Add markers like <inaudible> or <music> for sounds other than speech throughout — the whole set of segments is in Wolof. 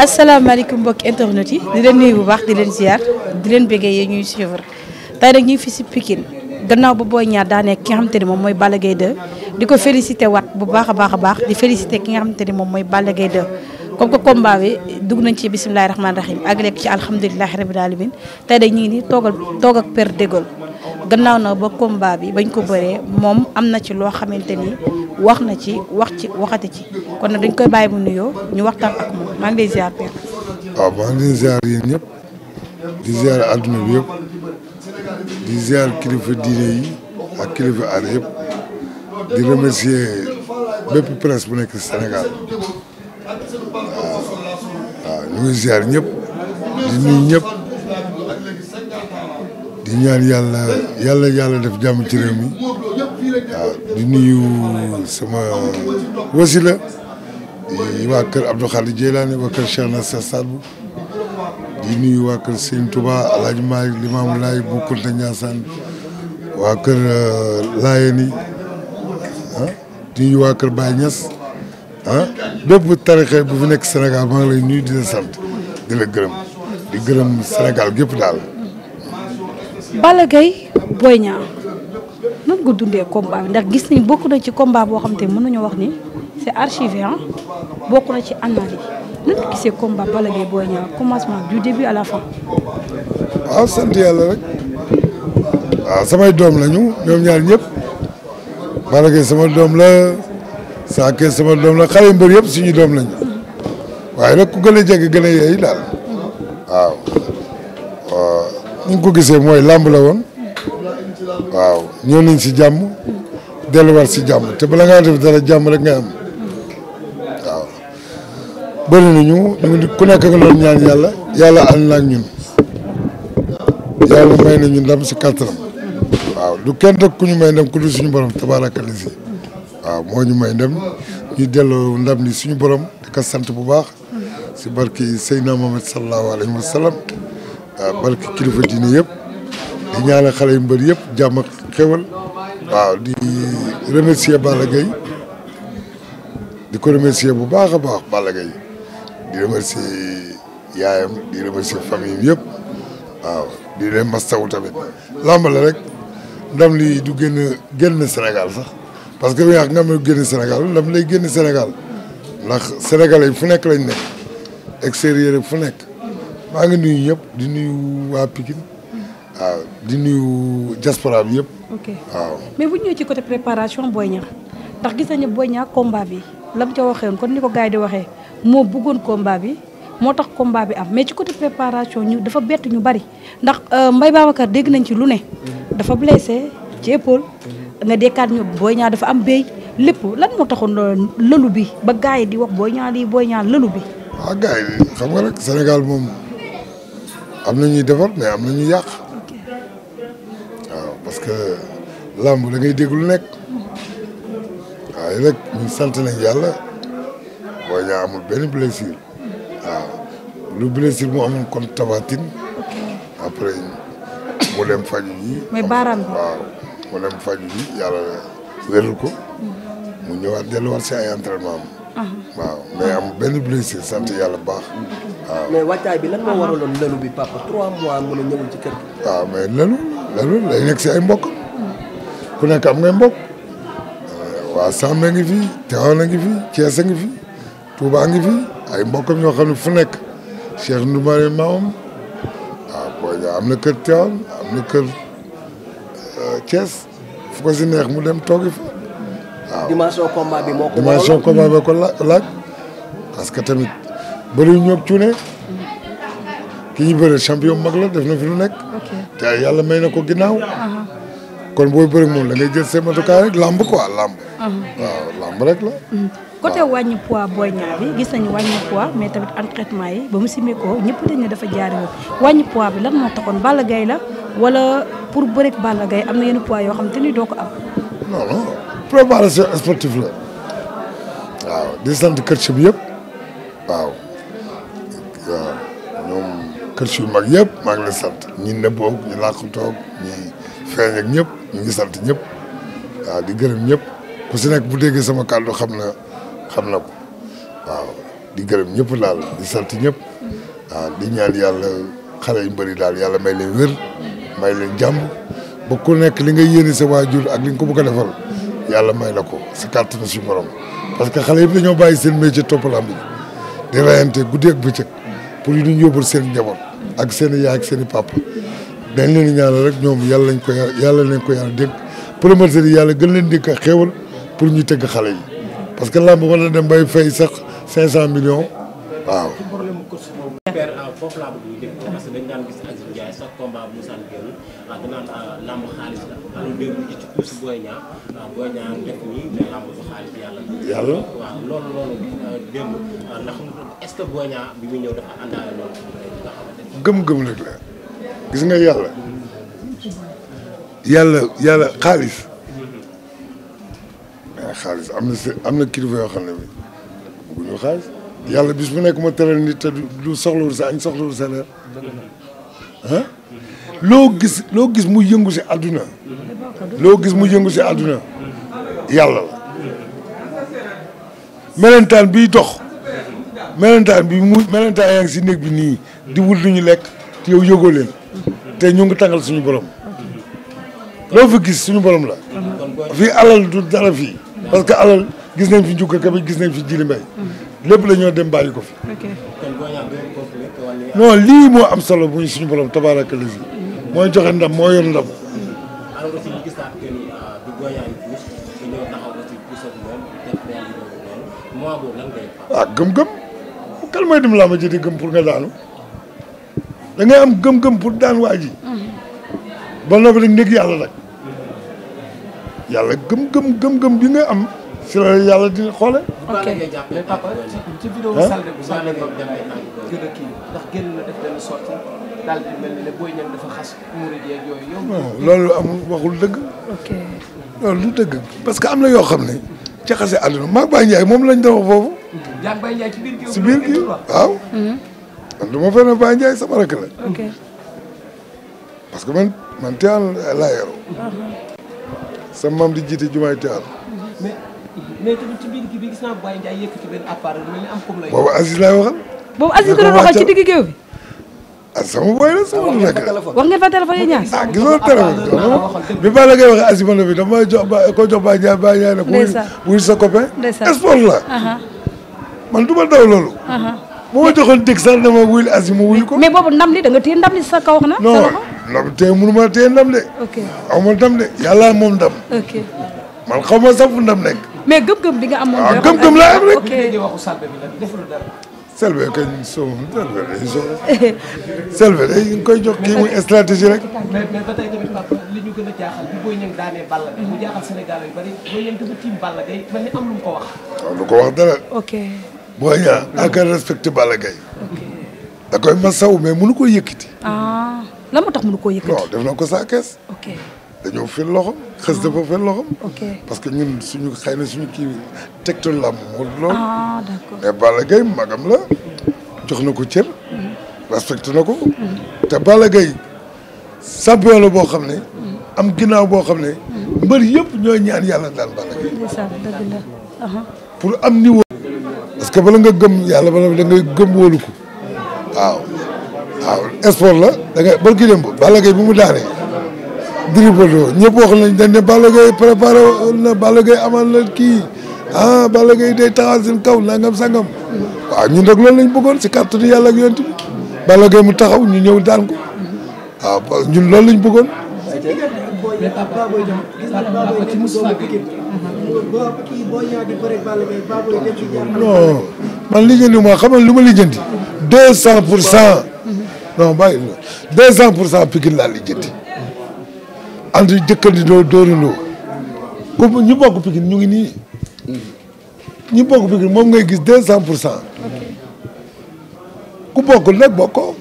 asalaamaaleykum mbokki internet yi di leen nuyu bu baax di leen ziar di leen bëggee yéen ñuy suivre tey nag fi si Pikine gannaaw ba booy ñaar daanee ki nga te ni moom mooy Balla gay 2 di ko félicité wat bu baax a baax a baax di félicité ki nga xamante ni moom mooy Balla gay 2 comme que combat bi dugg nañ ci bisimilahi rahmaani rahim ak lekk ci alhamdulilahi rabil alamin tey nag ñi ngi nii toogal toog ak Père Dégol gannaaw na ba combat bi bañ ko bëree moom am na ci loo xamante ni wax na ci wax ci waxati ci kon nag dañ koy bàyyi mu nuyoo ñu waxtaan ak moom maa ngi lay ziar père. waaw maa ngi leen ziar yéen di ziar adduna yëpp di kilifa diine yi ak bu nekk Sénégal waaw waaw di ñaan yàlla yàlla yàlla def jàmm ci réew mi waaw di nuyu sama wasila di waa kër Abdou Khadir Jeylaani di nuyu waa kër Serigne Alhaji Malick Limaamu Laay Bu Kunta Ñaasaan waa kër euh, ah, di nuyu waa kër Baye Niass ah bépp tarixa bu fi nekk Sénégal maa ngi lay nuyu di la sant di la gërëm di gërëm Sénégal gépp daal Balla Gaye Boy Niang nan nga dundee combat ndax gis nañ bokk na ci combat boo xam te mën nañu wax ni c'est archivé ah bokk na ci annales yi nan nga gisee combat Balla Gaye Boy commencement du début à la fin. waaw ah, sant yàlla rek waaw ah, samay doom lañu ñoom ñaar ñëpp Balla Gaye sama doom la Sakké sama doom la xale yu mbër yëpp suñu doom lañu waaye nag ku gën a jege gën a yeey daal waaw. ni ñu ko gisee mooy làmb la woon waaw ñëw nañ si jàmm delluwaat si jàmm te bala ngaa def dara jàmm rek ngay am waaw bëri nañu ku nekk nga doon ñaan yàlla yàlla ànd na ak ñun yàlla may nañu ndam si kàttanam waaw du kenn rek ku ñu may ndam ku dul suñu borom tabaaraka si waaw moo ñu may ndam ñu delloo ndam ni suñu borom di ko sant bu baax si barki Seydina Mohamed sallallahu alayhi wa waaw barke kilifa diine yëpp di ñaanal xale yu mbër yépp jàmm ak xewal waaw di remercier Balla Gaye di ko remercier bu baax a baax bala Gaye di remercier yaayam di remercier famille yëpp waaw di leen mastawu tamit làmb rek ndam li du génn génn Sénégal sax parce que bi nga xam ne génn Sénégal génn Sénégal ndax sénégalais fu nekk lañ nekk extérieur fu nekk maa ngi nuyu yëpp di nuyu waa Pikine waaw di nuyu yëpp. mais bu ñu ci côté préparation booy Niang ndax gis nañu Boy Niang combat bi lam mu ca waxee kon ni ko gars yi di waxee moo buggoon combat bi moo tax combat bi am mais ci côté préparation ñu dafa bett ñu bari ndax mbay euh, Mbaye Babacar dégg nañ ci lu ne. dafa blessé ci épaule. nga dékkaat ñu Boy Niang dafa am béy lépp lan moo taxoon lëlu bi ba gars yi di wax Boy Niang lii Boy Niang lëlu bi. waaw gars yi xam nga am na ñuy defar mais am na ñuy yàq waaw parce que làmb da ngay déglu nekk waaye nag ñu sant nañ yàlla boo ñaa amul benn blessure waaw lu blessure mu amoon kon tabatin après mu dem faju yi di baaraam bi waaw mu dem faju yi yàlla wérul ko mu ñëwaat delluwaat si ay entraînement am ah. waaw mais am benn blessure sant yàlla baax waaw ah. mais wàccaay bi la moo waraloon lëlu bi papa trois mois mu ci ah, nekk si ay mbokk ku nekk am ngay mbokk ah, waa Samb a ngi fi Tivaouane a ngi fi Thiès a ngi fi Touba a ngi fi ay mbokkam ñoo xam fu nekk Cheikh Ndoumare maamam waaw booy am na kër Tivaouane am na kër Thiès euh, fu ko si neex mu dem toogi fa waaw dimension bi moo ko laaj parce que tamit. bëriwul ñoom cuune ki ñuy bëri champion mag la def na fi lu nekk. te yàlla may na ko ginnaaw. kon booy bëri moom da ngay jël seen matukaay rek làmb quoi làmb. waaw làmb rek la. Mhm. côté wàññi poids Boy Niang bi gis nañu wàññi poids mais tamit entraînement yi ba mu simee ko ñëpp dañ ne dafa jaari wàññi poids bi lan moo taxoon Balla gay la wala pour bëreeg Balla Gaye am na yenn pois yoo xam te ni doo ko am. non non préparation sportive la waaw di sant kër bi yëpp. culture yu mag yëpp maa ngi leen sant ñi nëbboog ñi làqatoog ñi feeñ ak ñëpp ñu ngi sant ñëpp waaw di gërëm ñëpp si nekk bu déggee sama kàddu xam na xam na ko waaw di gërëm ñëpp daal di sant ñëpp waaw di ñaan yàlla xale yu bari daal yàlla may leen wér may leen jàmm ba ku nekk li nga yéene sa waajur ak li nga ko bëgg a defal yàlla may la ko si kàttanu suñu borom parce que xale yëpp dañoo bàyyi seen métier topp lamb bi di rayante guddi ak bëccëg pour yu ñu yóbbul seen njaboot ak seen i yaay ak seen i papa dañ leen di ñaanal rek ñoom yàlla lañ ko yàlla lañ ko yàlla dégg promoteur yi yàlla gën leen di ko xéewal pour ñu tëgg xale yi parce que làmb war na dem bay fay sax cinq cent millions waaw père euh, foofu laa bëgg ñu dégg parce que dañu daan gis Aziz la ah, euh, alors léegi ah, ñu ci tuuti ah, euh, que Boy Niang bi muy gis nga yàlla. yàlla yàlla xaalis. mais mm-hmm. xaalis am na sa am na kilifa yoo xam ne bi bëgguñu xaalis. yàlla bis mu nekk ma tëral nit te du soxlawul sa añ soxlawul sa reer ah loo gis loo gis mu yëngu si àdduna loo gis mu yëngu si àdduna yàlla la melentaan biy dox melentaan bi mu melentaan yaa si néeg bi nii di wut lu ñu lekk te yow yëgoo leen te ñu ngi tàngal suñu borom loo fi gis suñu borom la fii alal du dara fii parce que alal gis nañ fi njukka kabi gis nañ fi jili mbay lépp la ñoo dem bàyyi ko fi. ok lii moo am solo bu muy suñu borom tabaaraka lazi mooy joxe ndam moo yor ndam. alors ah, aussi gëm-gëm kan mooy dem làmb ji di gëm pour nga daanu da am gëm-gëm pour daan waa ji. ba noppi nag yàlla nag yàlla gëm-gëm gëm bi nga am. si la yàlla di xoole ci vidéo Saldé bu Saldé Ngom loolu amul waxul dëgg loolu dëgg parce que am na yoo xam ne ci xase àdduna maag Baye Ndiaye moom lañ doon wax foofu si mhm. biir gi waaw du ma fenn Baye sama rakk la parce que man man Tivaouane laa yoroo mhm. sama maam di jiite jumaay Tivaouane mais bi gis naa Baye boobu Aziz waxal. boobu Aziz waxal ci digg géew bi. ah sama ngeen fa téléphone yi ñaar. ah gisoo téléphone bi ba la ngay waxee Aziz ma ne bi dama jox ba ko jox Baye Ndiaye Baye Ndiaye ne ko. wuy sa man du daw loolu. bu ma joxoon dëgg sax dama wuyul as ma wuyu ko. mais boobu ndam li da nga téye ndam li sa kaw na. ndam téye mënu ma téye ndam de. ok ndam de yàlla moom ndam. man xaw ma sax fu ndam mais gëm-gëm bi nga amoon. waaw ah, gëm-gëm laa am rek ok selbe kañ soo selbe day soo selbe day ñu koy jox kii muy stratégie rek. mais mais ba tey tamit papa li ñu gën a jaaxal bi Boy Niang daanee Balla Gaye mu jaaxal Sénégal yu bari Boy Niang dafa tiim Balla Gaye man am lu mu ko wax. waaw ah, lu ko wax dara. ok Boy Niang ak respecté Balla Gaye. da koy masaw mais mënu ko yëkkati. ah lan moo tax mënu ko yëkkati. non def na ko saa kees. ok. dañoo fil loxo xës dafa fil loxo. parce que ñun suñu xëy na suñu kii tegtal la am moo loolu. mais Balla magam la jox na ko cër. respecté na ko. te Balla Gaye champion la boo xam ne. am ginnaaw boo xam ne. mbër yëpp ñooy ñaan yàlla daal Balla Gaye. Uh-huh. pour am niveau. parce que bala nga gëm yàlla bala da ngay gëm wóolu ko waaw waaw sport la da ngay bal ki dem Balla bu mu daanee. Gris Bordeaux ñëpp wax nañ dañ ne Balla Gaye préparé na Balla Gaye kii ah Balla Gaye day taxaw seen kaw nangam sangam waaw ñun rek loolu lañ bëggoon si kàttanu yàlla ak yonent bi Balla mu taxaw ñu ñëw daan ko waaw parce que ñun loolu lañ man lijjanti moo xamal lu ma lijjanti. deux cent pour cent. non bàyyi deux cent pour cent Pikine laa lijjanti. ànd jëkkandidoo dóorandoo comme ñu bokk Pikine ñu ngi nii ñu bokk Pikine moom ngay gis deux cent pour cent ku bokkul nag bokkoo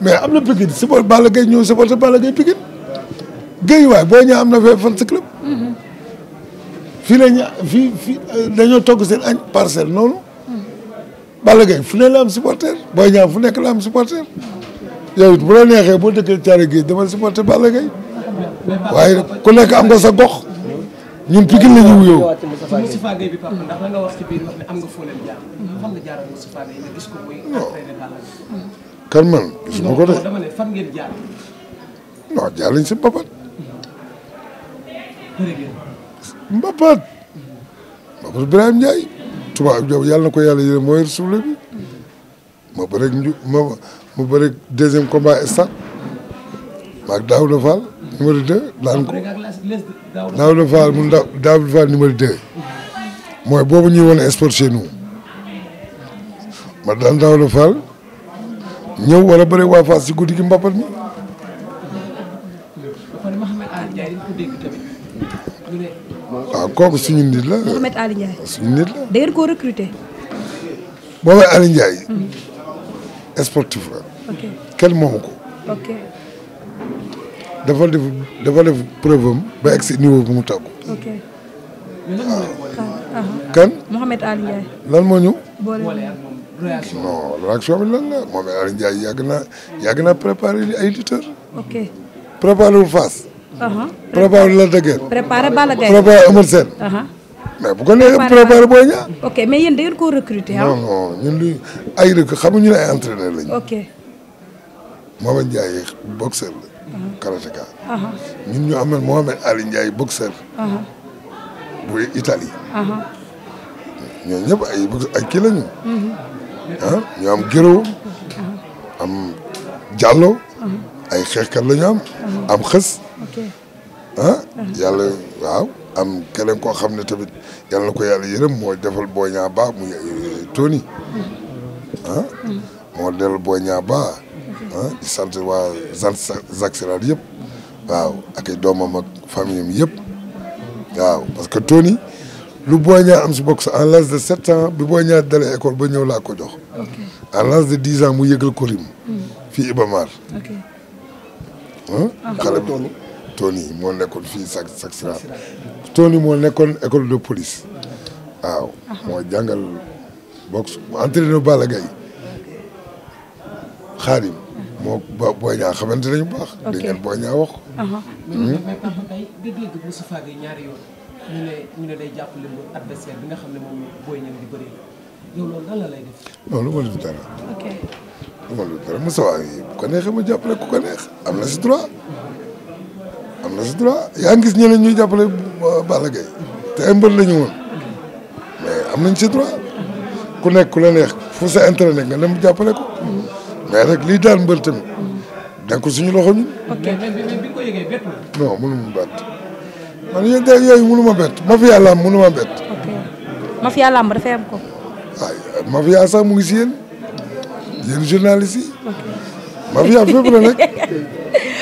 mais am na Pikine si boor Balla ñëw si boor Balla Gaye Pikine géej boo ñaa am na fee fan si club fii la ñu fii fii dañoo togg seen añ parcelle noonu Balla Gaye fu ne la am supporter booy ñaa fu nekk la am supporter yow it bu la neexee boo dëkkee caare géej dama supporter Balla Gaye waaye ku nekk am nga sa gox ñun Pikine la wuyoo. Moustapha Gueye nga wax ko muy entraîné kan si Mbapat. Mbapat. Mbapat Ibrahima Ndiaye. Touba Diop na ko yàlla yéene moo yor suule bi. ma bëreeg nju ma ma bëreeg deuxième combat stade. maag Daouda Fall. numéro 2 daan ko Daouda Fall mu Daouda Fall numéro 2 mooy boobu ñuy wane sport chez nous ma daan Daouda Fall ñëw war a bëri si guddi gi mbappat mi. waaw ah, kooku suñu nit la. Mouhamed Ali Ndiaye suñu nit la. da ngeen koo recruter. Hmm. la. kenn moomu ko. dafa def dafa ba egg si niveau bu mu tàggu. kan. Mouhamed Ali lan moo ñu. boole relation lan la Mouhamed Ali Ndiaye yàgg na yàgg naa préparé ay lutteur. ok préparé la dëgër. préparé Balla Gaye. préparé Eumeu Sène. Uh-huh. mais bu ko nee préparé Boy Niang. ok mais yéen koo recruter ah? non non ñun luy ay rek xamuñu ne ay entraîneur lañu. ok. Mouhamed Ndiaye karatéka ñun ñu amoon Mohamed Ali Ndiaye boxeur bu Italie ñoo ñëpp ay ay kii lañu ah, ñu am Guiro am Diallo ay xeexkat la ñu am am xës ah yàlla waaw am keneen koo xam ne tamit yàlla na ko yàlla yërëm moo defal Boy Niang ba muy eh, Tony ah moo del Boy ba di sant waa zan Zag Séral yëpp waaw ak ay doomam ak famille am yëpp waaw parce que Tony lu Boy Niang am si boxe en l'âge de sept ans bi Boy Niang dalee école ba ñëw laa ko jox en l'âge de dix ans mu yëgal ko rim mm. fii Iba Mar ah. xale bi Tony moo nekkoon fii Zag Zag Séral Tony moo nekkoon école de police waaw moo jàngal boxe entraîneur Balla Gaye xaarim moo booy ñaa xamante nañu bu baax. ok ngeen booy ñaa wax. Hmm? mais papa tey nga bi nga xam ne moom booy ña di bëree yow loolu la lu ma lu dara. lu ma lu dara Moustapha Gueye bu ko neexee ma jàppale ku ko neex am na si droit am na si droit yaa ngi gis ñeneen ñuy jàppale euh, Balla te ay mbër la ñu woon mais am nañ si droit ku nekk ku la neex fu sa intérêt nga dem jàppale ko. mais rek lii daan mbër tamit da ko suñu loxo ñun. ok mais mais bi ko yëgee bett la. non mënu ma bett man yéen tey yooyu mënu ma bett mafia làmb mënu ma bett. ok mafia làmb dafay am ko. waaye mafia sax mu ngi si yéen yéen mafia fépp la nag.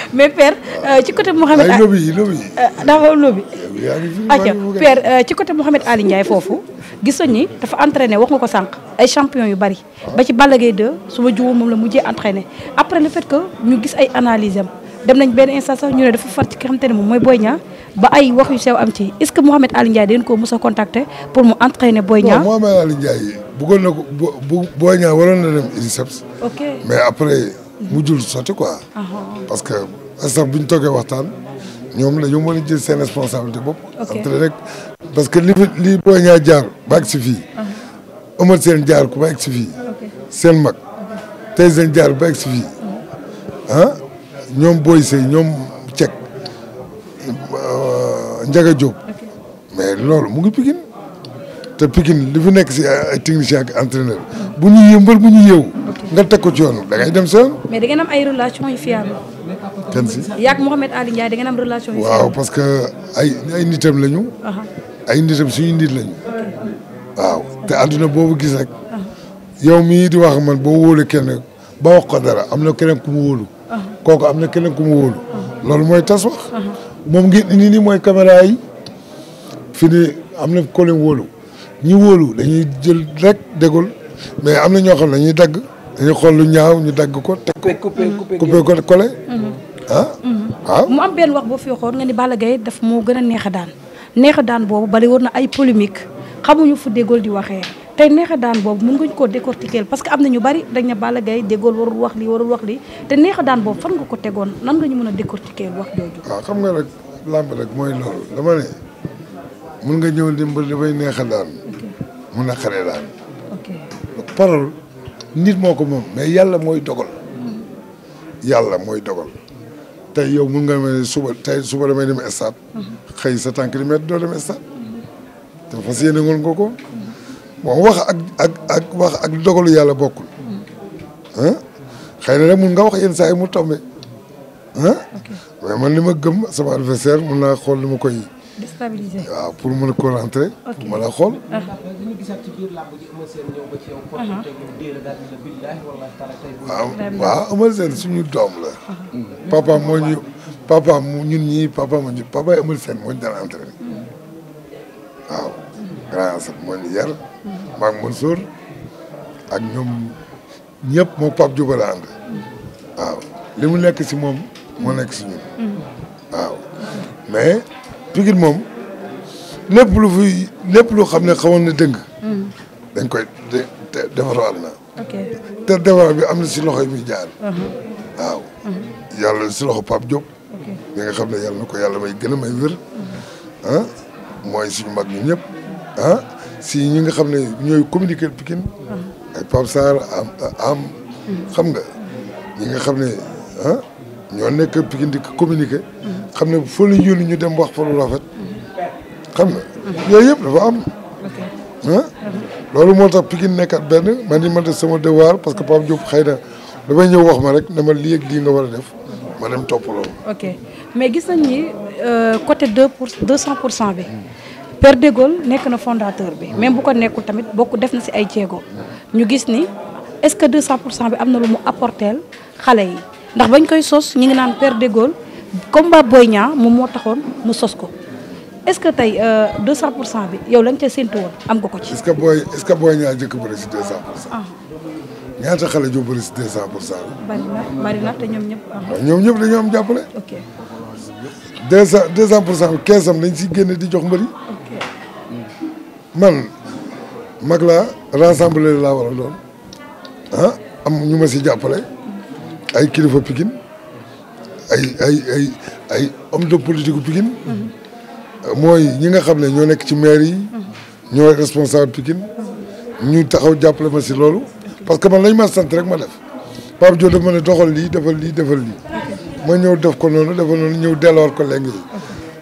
<laughs> mais père euh, ci côté Mouhamed. ay lobby yi lobby yi. Euh, ah, dafa lobby. Eh, acca père euh, ci côté Mouhamed Ali Ndiaye foofu. gisoon ni dafa entraîné wax nga ko sànq ay champion yu bari. Ah. ba ci Balla Gaye 2 su ma juumee moom la mujjee entraîné après le fait que ñu gis ay analyse am dem nañ benn instant sax ñu ne dafa far ci ki xam ne moom mooy booy Niang ba ay wax yu sew am ci est-ce que Mouhamed Ali Ndiaye dañ koo mos a contacter pour mu entraîner Boy Niang. waaw Mouhamed Ali Ndiaye bëggoon na ko Boy Niang waroon na dem INSEPS. ok mais après. mu mujjul sotti quoi. Ah, parce que instant bu ñu toogee waxtaan ñoom la ñu mën a jël seen responsabilité bopp. entre rek parce que li li booy ñaa jaar ba agsi fii. amal ah. seen jaar ku ba agsi fii. seen mag tey seen jaar ba agsi fii ah, ah ñoom booy sey ñoom cek njaga jóob mais loolu mu ngi Pikine te Pikine li fi nekk si ay technicien ak bu ñu yëmbal bu ñu yeewu nga teg ko ci yoon da dem sa mais da ngeen ay relation yu fiable. kenn si yaak Mouhamed Ali Ndiaye da ngeen am relation yu fiable. waaw parce que ay ay nitam lañu. ay nitam suñu nit boobu gis rek. yow yi di wax man boo wóolu kenn ba wax ko dara am na keneen ku mu kooku am na keneen ku mu wóolu. loolu mooy tas wax. moom ngeen indi mooy caméra yi fi ni am na ko leen ñu wóolu dañuy jël rek dégul mais am na ñoo xam ne dañuy dagg dañuy xool lu ñaaw ñu dagg ko. teg ko coupé ko collé. Mhm. ah waaw. Mhm. Ah? mu am benn wax boo fi waxoon nga ni Balla gay daf moo gën a neex a daan neex a daan boobu bari woon na ay polémique xamuñu fu déggool di waxee tey neex daan boobu mun nga koo décortiquer parce que am na ñu bari dañ ne Balla gay déggool warul wax lii warul wax lii te neex daan boobu fan nga ko tegoon nan nga ñu mën a décortiquer wax jooju. waaw ah, xam nga rek làmb mooy loolu dama mën nga ñëw dimbali dafay neex a daan mu na daal. ok parole nit moo ko moom mais yàlla mooy dogal. yàlla mooy dogal. tey yow mun nga mel suba tey suba damay dem stade. xëy sa tànk di métti doo dem stade. ngoon nga ko. bon wax ak ak ak wax ak dogalu yàlla bokkul. xëy na rek mun nga wax yenn saa yi mu tombé. ah mais man li ma gëm sama adversaire mun na xool li ma koy. waaw pour mën ko rentrer. ok pour mën a xool. dañu ah. gisaat ci biir làmb ji Eumeu Sène ñëw waaw waaw Eumeu Sène suñu doom la. Ah. papa moo papa mu ñun ñii papa moo papa Eumeu Sène moo ñu daan waaw. grand sëb moo ñu yar. Mm-hmm. maak Mansour ak ñoom ñëpp moom Pape Diop la mm-hmm. waaw li mu nekk si moom. moo nekk si ñun. Mm-hmm. waaw mais. Pikine moom lépp lu fi lépp lu xam ne xamoon na dëng hmm. dañ koy defarwaat na te defar am na si loxo yi muy jaar uh-huh. waaw uh-huh. yàlla si loxo Pape Diop mi nga xam ne yàlla na ko yàlla may gën a may wér uh-huh. ah mooy suñu mag ñun ñëpp ah, si ñi nga xam ne ñooy communiquer Pikine ay Pape Sarr am hmm. xam nga ñi nga xam ne ah, ñoo nekk Pikine di communiqué. xam ne foo la yónni ñu dem wax fa lu xam nga yooyu yëpp dafa am. loolu moo tax Pikine nekkat benn man ni ma def sama devoir parce que Pape Diop xëy na damay ñëw wax ma rek na ma lii ak lii nga war a def ma dem topp loolu. ok mais gis nañ ni euh, côté deux pour deux cent pour cent bi. per de Gaulle nekk na fondateur bi. même bu ko nekkul tamit bokk def na si ay jéego. ñu gis ni est-ce que deux cent pour cent bi am na lu mu apporteel xale yi. ndax bañ koy sos ñu ngi naan Père de comme combat Boy ñaa moom moo taxoon mu sos ko est-ce que tey 200 euh, pour cent bi yow la nga ca séntu woon am nga ko ci. est-ce que booy est-ce que Boy Niang jëkk bëri si 200 pour ah. ñaata xale ju bëri si pour cent la. bari na te ñoom ñëpp. ñoom ñëpp dañoo am jàppale. ok 200 200 pour cent bi 15 am dañ siy génne di jox mbëri. man mag la rassembler laa war a doon ah, am ñu ma si jàppale. ay kilifa Pikine ay ay ay ay homme de politique Pikine mooy ñi nga xam ne ñoo nekk ci maire yi ñooy responsable Pikine ñu taxaw jàppale ma si loolu parce que man lañ ma sant rek ma def Pape Diop daf ma ne doxal lii defal lii defal lii ma ñëw def ko noonu defal noonu ñëw delluwaat ko léegi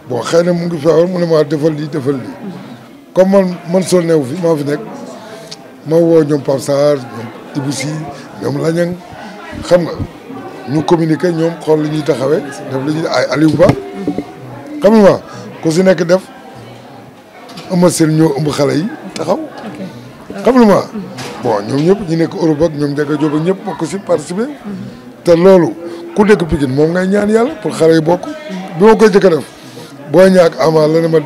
bon xëy na mu ngi feebar mu ne ma defal lii defal lii comme man man soo neew fi maa fi nekk ma woo ñoom Pape Sarr ñoom Ibou Sy ñoom Lañang xam nga ñu communiquer ñoom xool li ñuy taxawee def li ñuy ay Aliou Ba xam nga ku si nekk def ama seen ñoo ëmb xale yi taxaw xam ma bon ñoom ñëpp ñu nekk Europe ak ñoom Ndiaga Diop ak ñëpp bokk si participer te loolu ku dëkk Pikine moom ngay ñaan yàlla pour xale yi bokk bi ma koy jëkk a def boo ñaak ama la ne ma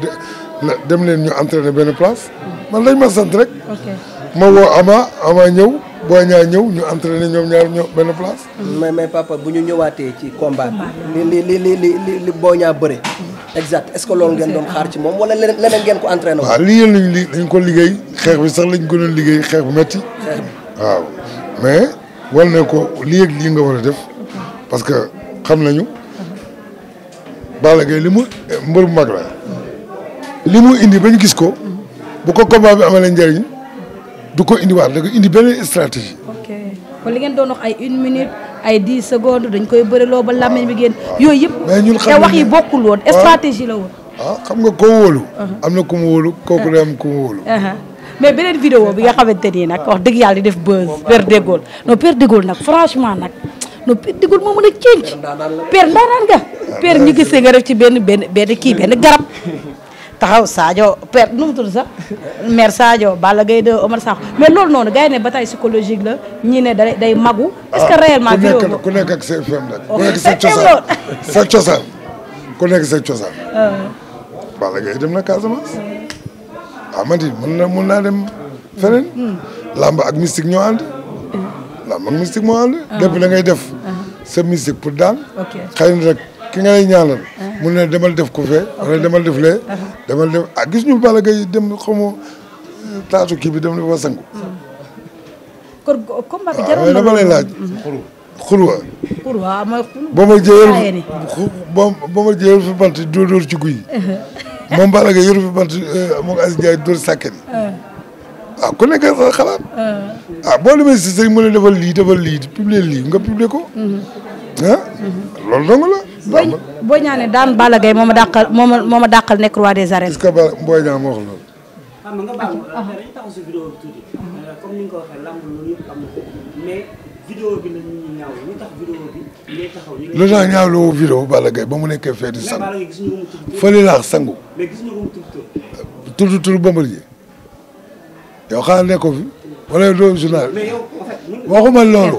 dem leen ñu entraîner benn place man lañ ma sant rek ma woo amaa ama ñëw booy ñaar ñëw ñu entraîné ñoom ñaar ñoo benn place. mais mais papa bu ñu ñëwaatee ci combat bi. li li li li li li booy ñaar bëre. exact est loolu ngeen doon xaar ci moom wala leneen ngeen ko entraîné. waaw lii yéen lañ li dañ ko liggéey xeex bi sax lañ ko doon liggéey xeex bu metti waaw mais wal ne ko lii ak lii nga war a def parce que xam nañu. Balla Gaye li mu mbër bu mag la. li mu indi ba ñu gis ko. bu ko combat bi amalee njëriñ. du ko indiwaat da ko indi beneen stratégie. doon wax ay une minute ay dix secondes dañ koy bëriloo ba làmmiñ bi génn. yooyu yëpp mais ñun xam te wax yi bokkul ah. la woon. Ah, xam nga koo wóolu. Uh-huh. am na ku mu wóolu kooku day am ku mu wóolu. Uh-huh. mais beneen vidéo bi nga xamante nii nag wax dëgg yàlla di def buzz Père de Gaulle non Père nag franchement nag non Père de Gaulle moo mën a ceeñ. Père ndaanaan nga. Père ñu gisee nga def ci ben benn benn kii benn garab taxaw Sadio père nu mu saajo bala gay Sadio de Omar Sakho mais loolu noonu gars yi ne bataille psychologique la ñii ne day day magu. est-ce que ah, réellement. ku nekk ku nekk ak sa FM la. ku nekk <laughs> sa cosaan sa ku nekk sa cosaan. Ah. Balla Gaye dem na Casamance. ah man it mën na naa dem feneen. Hmm. làmb ak mystique ñoo ànd. làmb ak mystique moo ànd. Ah. lépp da ngay def. sa mystique pour daan. ok xëy rek ki ngay ñaanal. mun na demal def ko fee wala demal def lee uh-huh. demal def ah gis ñu bala Gaye dem xaw ma eh, taatu kii bi dem na fa sangu kon combat bi ah, jarul na dama lay laaj xurwa mm-hmm. xurwa ah, mooy ba ma jëyal ba ma jëyal fi bant dóor dóor ci guy uh-huh. moom Balla Gaye yoru fi bant eh, moom Aziz Ndiaye dóor sàkket yi uh-huh. ah ku nekk sa xalaat ah boo demee si sëñ lii defal lii publier lii nga publier ko mm-hmm. ah. loolu dong la. booy booy ñaa ne daan Balla Gaye moo nekk roi des arènes. est-ce que ba wax loolu. xam nga baal euh, euh, loolu yëpp am ba mu nekkee fee sangu. fële laax sangu. mais gis mu tudd tur. tudd tur Bombardier yow xanaa doo journal waxuma loolu.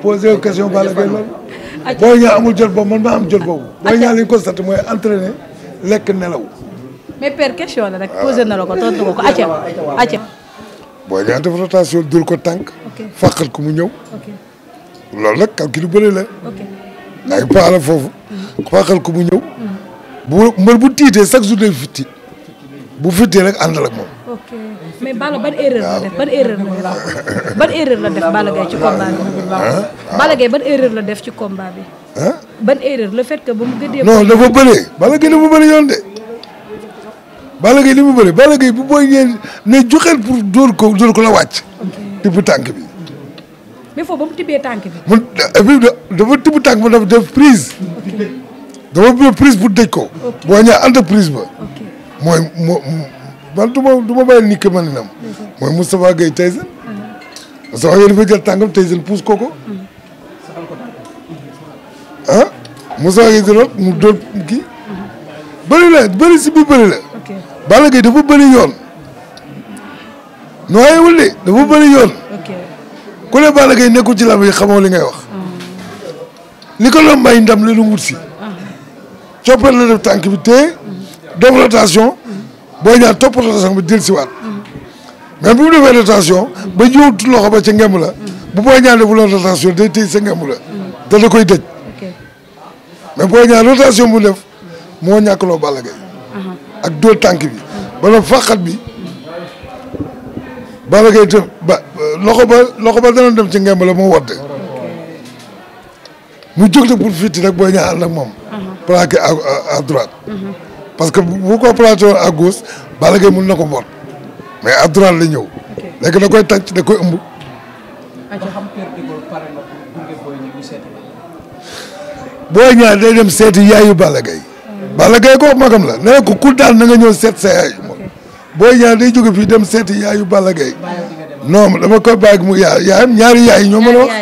posé question Balla Gaye loolu. booy ñaa amul jot boobu man maa am jot boobu. booy ñaa li ñu constaté mooy entraîné lekk nelaw. mais père question la rek posé na la ko ko acca acca. booy ñaa def rotation dul ko tànk. fàqal ko mu ñëw. loolu nag kaw ki lu bëri la. ay paala foofu. Mhm. fàqal ko mu ñëw. Mhm. bu mbër bu tiitee chaque jour day fitti bu fittee rek àndal ak moom. mais Balla ban erreur la def ban erreur la def ban erreur la def Balla Gaye ci combat bi. Balla Gaye ban erreur la def ci combat bi. ban erreur le fait que ba mu gëddee. non dafa bëree Balla Gaye dafa bëri yoon de. Balla Gaye li mu bëri Balla Gaye bu booy ñëwee ne joxeel pour dóor ko dóor ko la wàcc. tibb tànk bi. mais foofu ba mu tibbee tànk bi. mu dafa tibb tànk bi dafa def prise. dafa bëri prise pour dëj ko. boo ñëwee entreprise ba. mooy moo. man du ma du ma bàyyil nit ki mën na am. mooy Moustapha Gueye Tyson. Moustapha Gueye dafa jël tàngam Tyson pousse ko ko. ah Moustapha Gueye dina mu doon kii. bëri la si biir bëri la. ok dafa bëri yoon. noyyi wul dafa bëri yoon. ku ne Balla Gaye nekkul ci làmb yi xamoo li ngay wax. li ko doon ndam la lu wut si. Ah. coppeel la def tànk bi te booy ñaar toppatoo sax ba jël si waat mais bu mu defee rotation ba ñëwut loxo ba ca ngemb la bu booy ñaar defu loon rotation day tëj sa ngemb la da da koy dëj mais booy ñaar rotation bu def moo ñàkkloo loo Gaye ak dóor tànk bi bala fàqat bi Balla Gaye def ba loxo ba loxo ba dana dem ci ngemb moo wadd mu jóg nag fitti rek booy ñaar ànd ak moom plaqué à droite parce que bu ko planté woon à mun na ko mboot mais à la ñëw. léegi da koy tànc da koy ëmb. booy ñaar day dem seeti yaayu Balla Gaye. Mm. ko magam la nee ko ku daan na nga seet sa yaay moom. booy ñaar day jóge fii dem seeti yaayu Balla Gaye. non koy bàyyi mu yaay ñaari yaay ñoo mën a wax.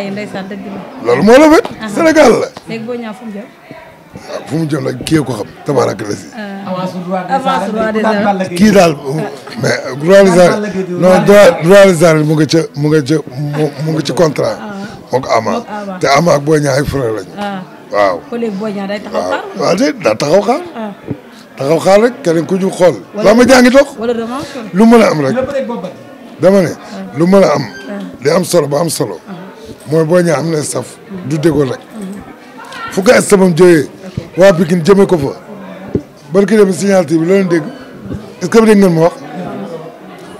loolu moo la wét. Sénégal la. léegi booy ñaar fu mu jëm fu mu jëm nag kii ko xam tabaaraka la kii daal oh, mais roi des arènes non roi des arènes mu nga mu nga ca mu nga ci contrat. Ah. moo te Ama ak Boy Niang ay frère lañu. Ah. Ah. rek keneen ku ñu xool. wala ma dox. lu mën a am rek. dama lu mën a am. li am solo ba am solo. mooy Boy Niang am na saf. du déggoo rek. fu ko estamam jógee. waa Pikine jëmee ko fa barki dem signature bi loolu dégg est-ce que dégg ngeen ma wax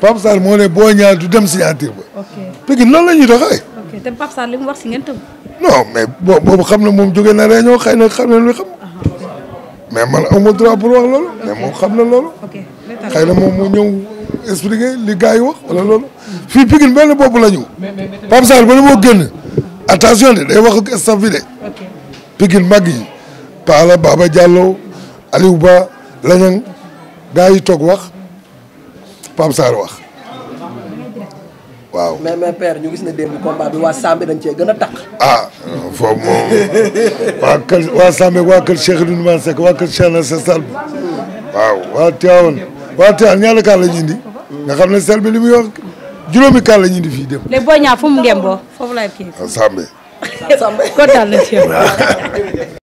Pape Sarr moo ne boo ñaar du dem signature ba. Pikine loolu la ñuy doxee. te Pape Sarr li mu wax si ngeen tëb. non mais boobu xam na moom jóge na réunion xëy na xam na lu ah, mais man amuma droit pour wax loolu. xam na loolu. na moom mu ñëw expliquer li gars yi wax wala loolu. fii Pikine benn bopp la ñu. Pape Sarr ba la moo génn. attention de day wax ak staff de. Pikine mag yi. Paala Baba Diallo Aliou Ba Lañang gars yi toog wax Pape wax waaw. mais mais père ñu gis na démb combat bi waa dañ cee gën a taq. ah foofu moom <laughs> waa kër waa Sambe waa kër Cheikh Ndoumane Seck waa kër Cheikh na sa sal bi waaw waa Thiawane waa Thiawane ñaata kan la ñu indi. nga xam ne sel bi li muy wax juróomi kan la ñu indi fii dem. léegi boo fu mu ngem foofu laay kii. Sambe. Sambe <laughs> kontaan na ci <laughs>